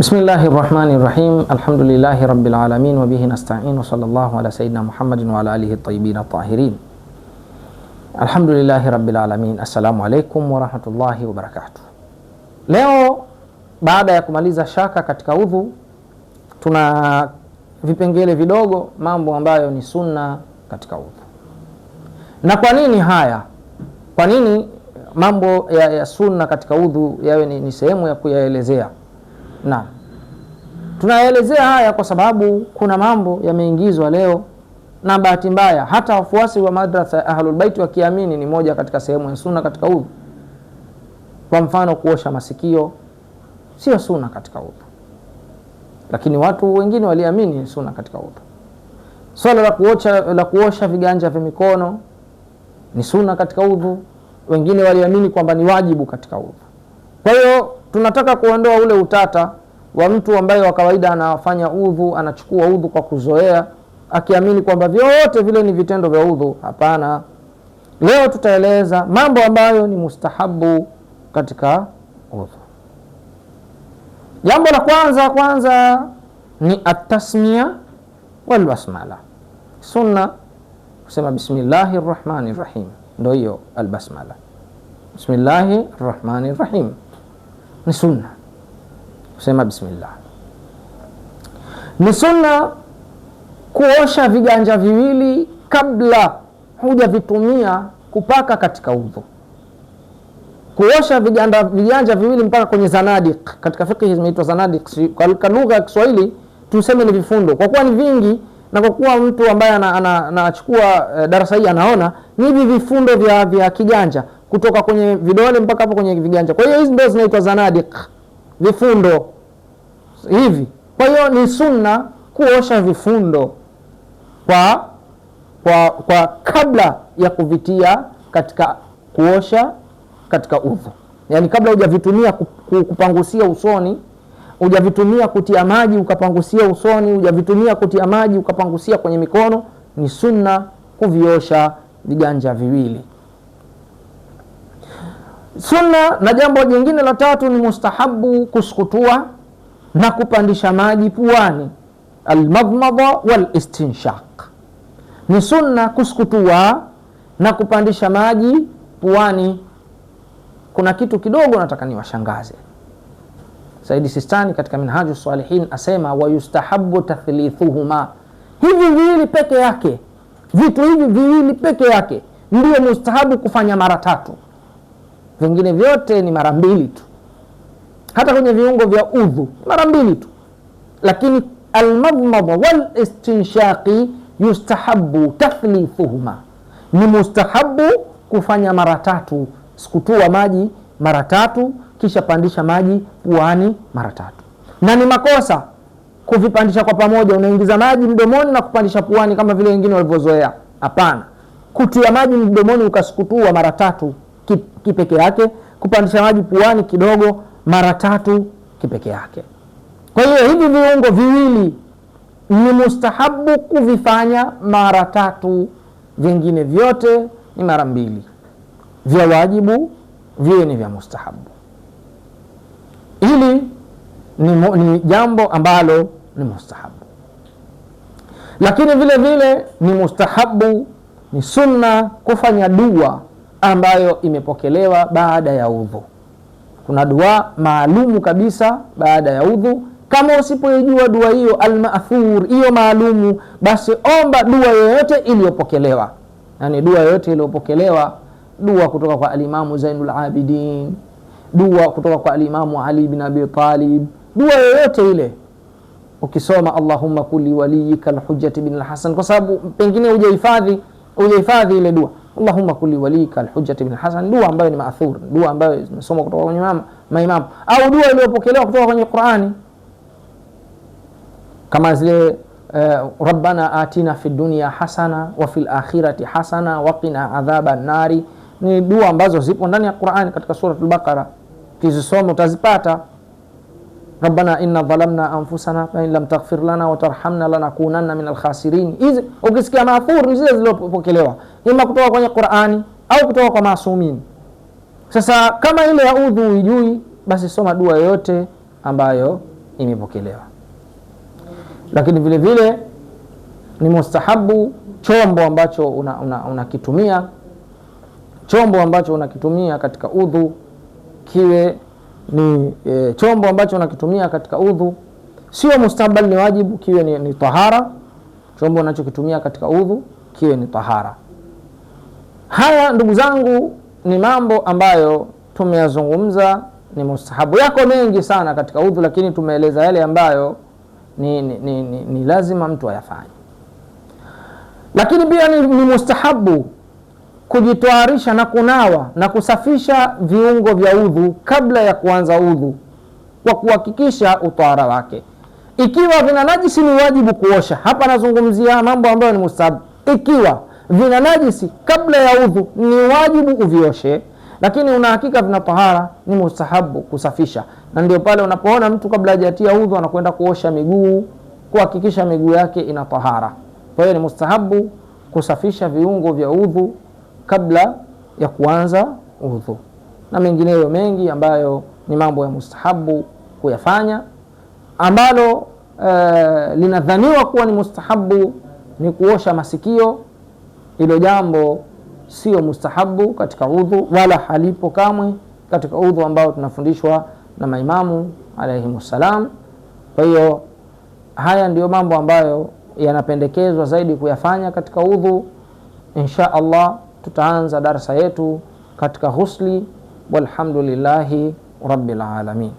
Bismillahi rahmani rahim alhamdulillahi rabbil alamin wa bihi nasta'in wa sallallahu ala sayyidina Muhammadin wa ala alihi tayyibin tahirin alhamdulillahi rabbil alamin. Assalamu alaikum wa rahmatullahi wa barakatuh. Leo baada ya kumaliza shaka katika udhu, tuna vipengele vidogo, mambo ambayo ni sunna katika udhu. Na kwa nini haya? Kwa nini mambo ya, ya sunna katika udhu yawe ni, ni sehemu ya kuyaelezea na tunaelezea haya kwa sababu kuna mambo yameingizwa leo, na bahati mbaya hata wafuasi wa madrasa ya Ahlul Bait wakiamini ni moja katika sehemu ya sunna katika udhu. Kwa mfano, kuosha masikio sio sunna katika udhu, lakini watu wengine waliamini ni sunna katika udhu. Swala la kuosha, la kuosha viganja vya mikono ni sunna katika udhu, wengine waliamini kwamba ni wajibu katika udhu. Kwa hiyo tunataka kuondoa ule utata wa mtu ambaye wa kawaida anafanya udhu, anachukua udhu kwa kuzoea, akiamini kwamba vyote vile ni vitendo vya udhu. Hapana. Leo tutaeleza mambo ambayo ni mustahabu katika udhu. Jambo la kwanza kwanza ni atasmia basmala, Sunna kusema bismillahi rahmani rahim, ndo hiyo albasmala, bismillahi rahmani rahim ni sunna kusema bismillah. Ni sunna kuosha viganja viwili kabla hujavitumia kupaka katika udhu. Kuosha viganja, viganja viwili mpaka kwenye zanadiq, katika fiqh zimeitwa zanadiq, kwa lugha ya Kiswahili tuseme ni vifundo, kwa kuwa ni vingi na kwa kuwa mtu ambaye anachukua ana, ana, ana, eh, darasa hii anaona ni hivi vifundo vya, vya kiganja kutoka kwenye vidole mpaka hapo kwenye viganja. Kwa hiyo hizi ndio zinaitwa zanadiq, vifundo hivi. Kwa hiyo ni sunna kuosha vifundo kwa, kwa, kwa kabla ya kuvitia katika kuosha katika udhu, yaani kabla hujavitumia kupangusia usoni, hujavitumia kutia maji ukapangusia usoni, hujavitumia kutia maji ukapangusia kwenye mikono, ni sunna kuviosha viganja viwili. Sunna na jambo jingine la tatu ni mustahabu kusukutua na kupandisha maji puani, almadmadha walistinshaq. Ni sunna kusukutua na kupandisha maji puani. Kuna kitu kidogo nataka niwashangaze. Saidi Sistani katika Minhaju Salihin asema wayustahabu tathlithuhuma, hivi viwili peke yake, vitu hivi viwili peke yake ndiyo mustahabu kufanya mara tatu vingine vyote ni mara mbili tu. Hata kwenye viungo vya udhu mara mbili tu, lakini almadmadha walistinshaqi yustahabu tathlifuhuma, ni mustahabu kufanya mara tatu, sikutua maji mara tatu, kisha pandisha maji puani mara tatu. Na ni makosa kuvipandisha kwa pamoja, unaingiza maji mdomoni na kupandisha puani kama vile wengine walivyozoea. Hapana, kutia maji mdomoni ukasukutua mara tatu kipeke yake, kupandisha maji puani kidogo mara tatu kipeke yake. Kwa hiyo hivi viungo viwili ni mustahabu kuvifanya mara tatu, vingine vyote ni mara mbili. Vya wajibu viwe ni vya mustahabu. Hili ni, ni jambo ambalo ni mustahabu, lakini vile vile ni mustahabu, ni sunna kufanya dua ambayo imepokelewa baada ya udhu. Kuna dua maalumu kabisa baada ya udhu. Kama usipoijua dua hiyo almaathur, hiyo maalumu, basi omba dua yoyote iliyopokelewa, yani dua yoyote iliyopokelewa, dua kutoka kwa alimamu Zainul Abidin, dua kutoka kwa alimamu Ali bin Abi Talib, dua yoyote ile ukisoma Allahumma kuli waliyika lhujjati bin lhasan, kwa sababu pengine hujahifadhi hujahifadhi ile dua Allahumma kulli walika alhujjati bin Hasan, dua ambayo ni maathur, dua ambayo imesomwa kutoka kwenye maimamu au dua iliyopokelewa kutoka kwenye Qurani kama zile uh, rabbana atina fi dunya hasana wa fil akhirati hasana wa qina adhaba nari. Ni dua ambazo zipo ndani ya Qurani katika Suratul Baqara, kizisoma utazipata rabbana inna dhalamna anfusana fain lam taghfir lana watarhamna lanakunanna min alkhasirin. Hizi ukisikia maafur ni zile zilizopokelewa ima kutoka kwenye Qurani au kutoka kwa maasumini. Sasa kama ile ya udhu uijui, basi soma dua yoyote ambayo imepokelewa, lakini vile vile ni mustahabu chombo ambacho unakitumia una, una chombo ambacho unakitumia katika udhu kiwe ni e, chombo ambacho nakitumia katika udhu, sio mustabal, ni wajibu kiwe ni, ni tahara. Chombo nachokitumia katika udhu kiwe ni tahara. Haya ndugu zangu, ni mambo ambayo tumeyazungumza, ni mustahabu yako mengi sana katika udhu, lakini tumeeleza yale ambayo ni, ni, ni, ni, ni lazima mtu ayafanye, lakini pia ni, ni mustahabu kujitwarisha na kunawa na kusafisha viungo vya udhu kabla ya kuanza udhu kwa kuhakikisha utwahara wake. Ikiwa vina najisi, ni wajibu kuosha. Hapa nazungumzia mambo ambayo ni mustahabu. Ikiwa vina najisi kabla ya udhu, ni wajibu uvioshe, lakini una hakika vina tahara, ni mustahabu kusafisha. Na ndio pale unapoona mtu kabla hajatia udhu anakwenda kuosha miguu, kuhakikisha miguu yake ina tahara. Kwa hiyo ni mustahabu kusafisha viungo vya udhu kabla ya kuanza udhu na mengineyo mengi ambayo ni mambo ya mustahabu kuyafanya, ambalo e, linadhaniwa kuwa ni mustahabu ni kuosha masikio. Hilo jambo sio mustahabu katika udhu, wala halipo kamwe katika udhu ambao tunafundishwa na maimamu alaihimussalam. Kwa hiyo haya ndiyo mambo ambayo yanapendekezwa zaidi kuyafanya katika udhu, insha Allah tutaanza darsa yetu katika husli, walhamdulillahi rabbil alamin.